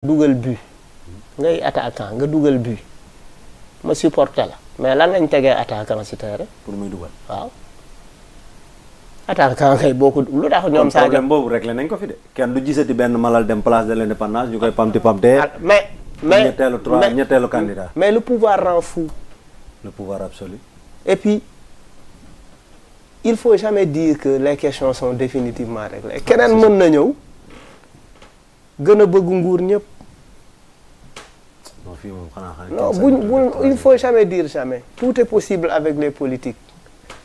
dugal but ngay attaquant nga dugal but ma supporter la mais lan lañ tegee attaquant si terrain pour muy dugal waaw attaquant kay boo ko lu tax ñoom Sadio nañ ko fi kenn du gisati benn malal dem place de l'indépendance ñu koy pamti pamtee ah, mais mais ñetteelu trois mais le pouvoir rend fou le et puis il faut jamais dire que les questions sont définitivement réglées ah, keneen mën na ñëw gën a bëgg nguur ñëpp fii moom xanaa non buñ buñ il faut jamais dire jamais tout est possible avec les politiques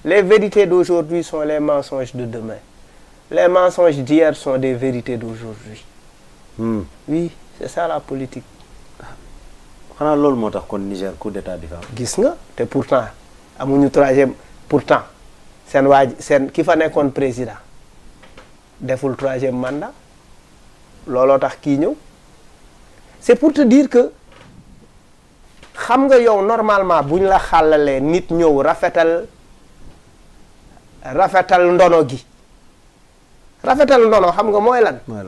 les vérités d'aujourd'hui sont les mensonges de demain les mensonges d'hier sont des vérités d'aujourd'hui hmm. oui c'est ça la politique xanaa loolu moo tax kon Niger coup d'état bi fa gis nga te pourtant amuñu troisième pourtant seen waa seen ki fa nekkoon président deful troisième mandat looloo tax kii ñëw c'est pour te dire que xam nga yow normalement bu ñu la xàllalee nit ñëw rafetal rafetal ndono gi rafetal ndono xam nga mooy lan. mooy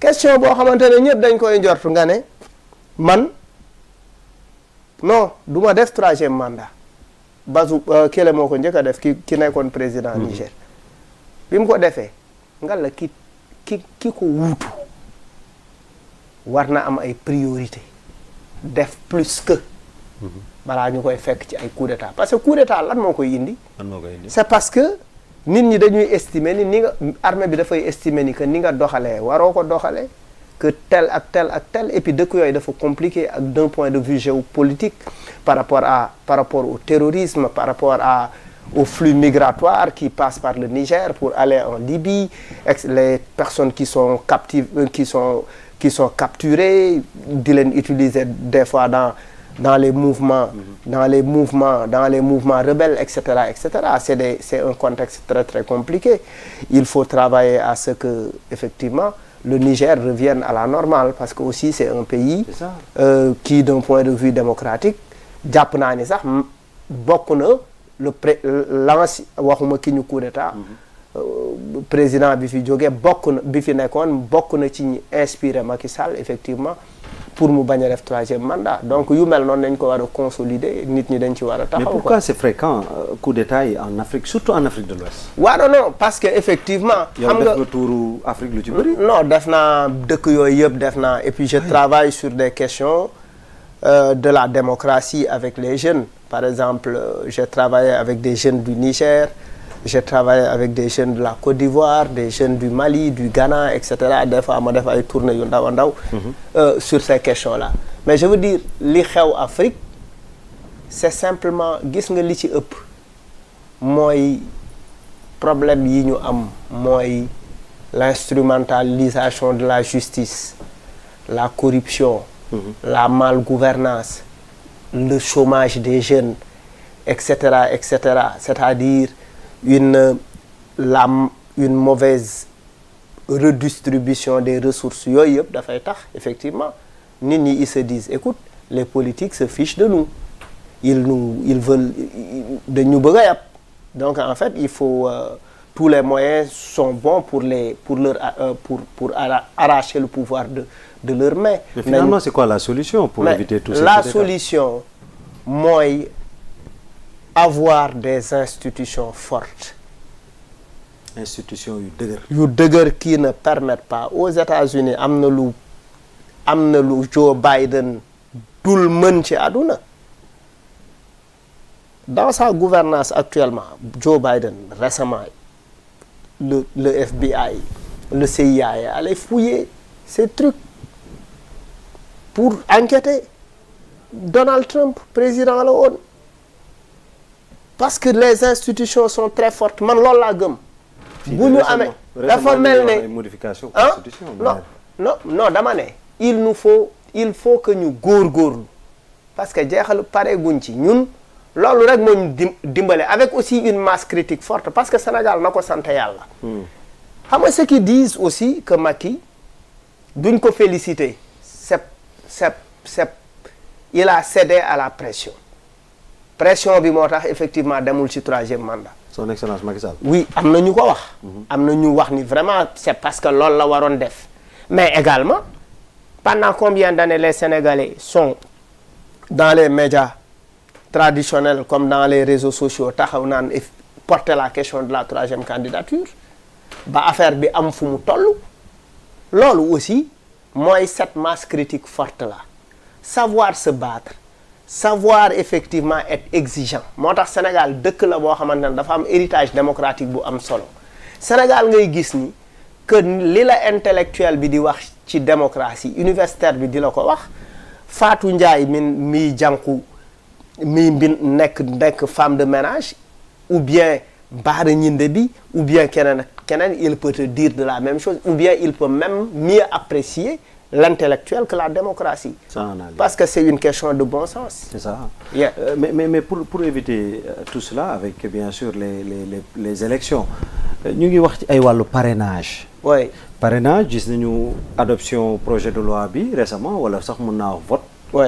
question boo xamante ne ñëpp dañ koy njort nga ne man non duma ma def troisième mandat basu euh, kële moo ko njëkk a def ki ki nekkoon président mhm. Niger. bi mu ko defee nga la ki ki ki ko wuutu war na am ay priorité def plus que. balaa ñu koy fekk ci ay coup d'état parce que coup d'état lan moo koy indi. lan moo c'est parce que nit ñi dañuy estimer ni ni nga bi dafay estimer ni que ni nga doxalee waroo ko doxalee. que tel ak tel ak tel et puis dëkk yooyu dafa compliqué ak d'un point de vue géopolitique par rapport à par rapport au terrorisme par rapport à au flux migratoire qui passe par le Niger pour aller en Libye les personnes qui sont captives euh, qui sont qui sont di leen utiliser des fois dans dans les mouvements dans les mouvements dans les mouvements rebelles etc etc c'est des c'est un contexte très très compliqué il faut travailler à ce que effectivement le Niger revienne à la normale parce que aussi c'est un pays euh, qui d'un point de vue démocratique jàpp naa ni sax bokk na le pré l'ancien waxuma ki ñu coup mhm. euh, président bi fi jógee bokk na bi fi nekkoon bokk na ci ñi inspiré Macky sale effectivement pour mu bañ a def troisième mandat donc yu mel non dañ ko war a consolider nit ñi dañ ci war a taxaw. mais pourquoi c'est fréquent euh, coup d'état yi en Afrique surtout en Afrique de l'Ouest. waaw non non parce que effectivement. xam nga def nga naa dëkk yooyu yëpp def naa et puis je travaille sur des questions euh, de la démocratie avec les jeunes par exemple euh, j'ai travaillé avec des jeunes du Niger. j'ai travaillé avec des jeunes de la Côte d'Ivoire des jeunes du Mali du Ghana et cetera des fois ma def ay tournées yu ndaw a ndaw. Mhm. Euh, sur ces questions la mais je veux dire li xew Afrique c'est simplement gis nga li ci ëpp mooy problème yi ñu am mooy l'instrumentalisation de la justice la corruption. Mhm. la gouvernance le chômage des jeunes et cetera et cetera c'est-à-dire. une euh, la une mauvaise redistribution des ressources yooyu yëpp dafay tax effectivement nit ñi ils se disent écoute les politiques se fichent de nous ils nous ils veulent dañu bëgg a yàpp donc en fait il faut euh, tous les moyens sont bons pour les pour leur euh, pour pour arracher le pouvoir de de leurs mains. mais finalement c'est quoi la solution. pour éviter tout ça la solution mooy. avoir des institutions fortes. institutions yu dëgër. yu dëgër qui ne permettent pas aux États-Unis am na lu am na lu Joe Biden dul mën ci àdduna. dans sa gouvernance actuellement Joe Biden récemment le le FBI le CIA est allé fouiller ces pour enquêter Donald Trump président la woon. parce que les institutions sont très fortes man loolu laa gëm. bu ñu amee dafa mel ne modification constitution non non dama ne. il nous faut il faut que ñu góor góorgóorlu parce que jeexal pare guñ ci ñun loolu rek moo ñu dimbale avec aussi une masse critique forte parce que Sénégal na ko sant yàlla. Hmm. xam nga ce qui disent aussi que Macky duñ ko félicité c'est c'est c'est il a cédé à la pression. pression bi moo tax effectivement demul ci troisième mandat. son excellence Macky Sall. oui am na ñu ko wax. Mhm. am na ñu wax ni vraiment c'est parce que loolu la waroon def mais également pendant combien d'années les Sénégalais son dans les médias traditionnels comme dans les réseaux sociaux taxaw naan porter la question de la troisième candidature ba affaire bi am fu mu toll loolu aussi mooy cette masse critique forte la savoir se battre. savoir effectivement et exigeant moo tax Sénégal dëkk la boo xamante ne dafa am héritage démocratique bu am solo Sénégal ngay gis ni que li la intellectuel bi di wax ci démocratie universitaire bi di la ko wax Fatou Ndiaye mi miy jànku mi bi nekk nekk femme de ménage ou bien Baara Ñinde bi ou bien keneen keneen il peut dire de la même chose ou bien il peut même mieux apprécier l'intellectuel que la démocratie. Parce que c'est une question de bon sens. C'est ça. Yeah. Euh, mais, mais, pour, pour éviter euh, tout cela, avec bien sûr les, les, les, euh, ngi élections, nous avons le parrainage. Oui. Parrainage, nous avons adoption projet de loi récemment, ou alors nous avons vote. Oui.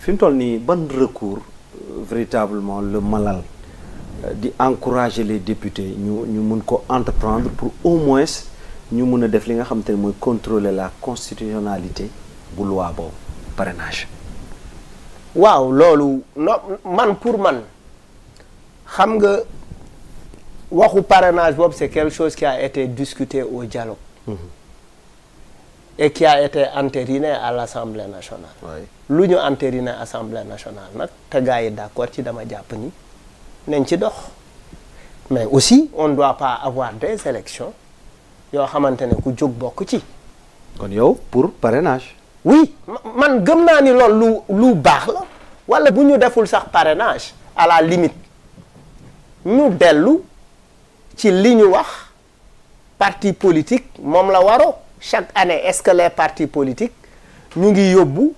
Fimtol ni bon recours véritablement le malal d'encourager les députés, nous, nous entreprendre pour au moins ñu mun a def li nga xam te ne mooy contrôler la constitutionnalité bu loi boobu parrainage. waaw loolu no man pour man xam nga waxu parenage boobu c'est quelque chose qui a été discuté au dialogue. Mmh. et qui a été entériné à l'Assemblée nationale. lu ñu entériné Assemblée nationale nag te gars yi d'accord ci dama jàpp ni nañ ci dox mais aussi on doit pas avoir des élections yoo xamante ne ku jóg bokk ci. kon yow pour parrainage. oui man gëm naa ni loolu lu lu baax la wala bu ñu deful sax parrainage à la limite ñu dellu ci li ñu wax parti politique moom la waroo chaque année est-ce que les partis politiques ñu ngi yóbbu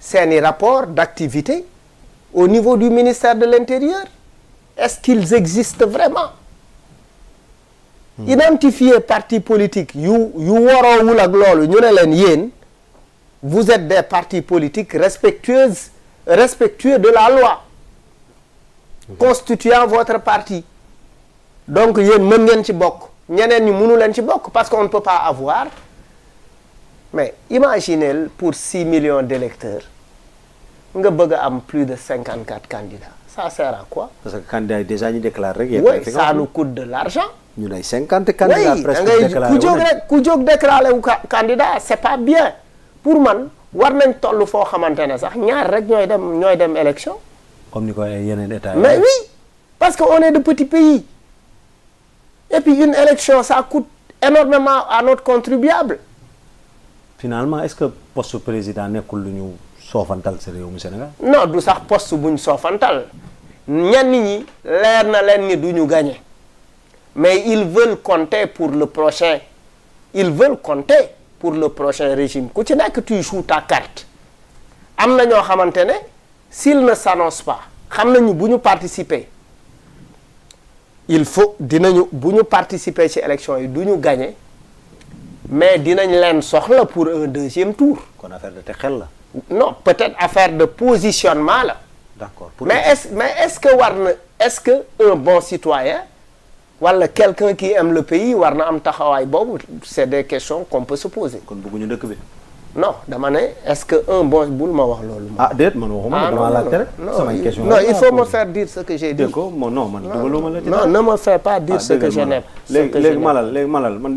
seeni rapport d'activité au niveau du ministère de l'Intérieur est-ce qu'ils existent vraiment identifier parti politique yu yu waroowul ak loolu ñu ne leen yéen vous êtes des partis politiques respectueuses respectueux de la loi constituant votre parti donc yéen mën ngeen ci bokk ñeneen ñu mënu leen ci bokk parce que ne peut pas avoir mais imaginez pour six millions d'électeurs nga bëgg am plus de cinquante quatre candidats ça sert à quoi. parce que candidat yi déjà ñu déclaré rek. oui ça nous coûte de l'argent ñu nay cinquante candidats presque déclaré ku jóg rek ku jóg déclaré wu candidat c'est pas bien pour man war nañ toll foo xamante ne sax ñaar rek ñooy dem ñooy dem élection comme ni ko yeneen état mais oui parce que on est de petits pays et puis une élection ça coûte énormément à notre contribuable finalement est-ce que post président nekkul lu ñu soofantal si réew mu Sénégal non du sax post buñ soofantal ñenn ñi leer na leen ni ñu gagné mais ils veulent compter pour le prochain ils veulent compter pour le prochain régime ku ci nekk tu joues am na ñoo xamante ne s'il ne s'annonce pas xam nañu bu ñu participer il faut dinañu bu ñu participer ci élection yi du ñu gañe mais dinañ leen soxla pour un deuxième tour. kon affaire de te xel la. non peut-être affaire de positionnement la. d'accord mais est-ce mais est-ce que war na est-ce que un bon citoyen. wala quelqu'un qui aime le pays war na am taxawaay boobu c'est des questions qu'on peut se poser. kon bëgguñu dëkk bi. non dama ne est-ce que un bon bul ma wax loolu. ah déet man waxuma ah, dama la tere. sama question non il faut me faire dire ce que j'ai dit. dégg ko non man dugaluma la. non ne me fais pas dire ah, ce que je n'aime. léegi léegi malal léegi malal man.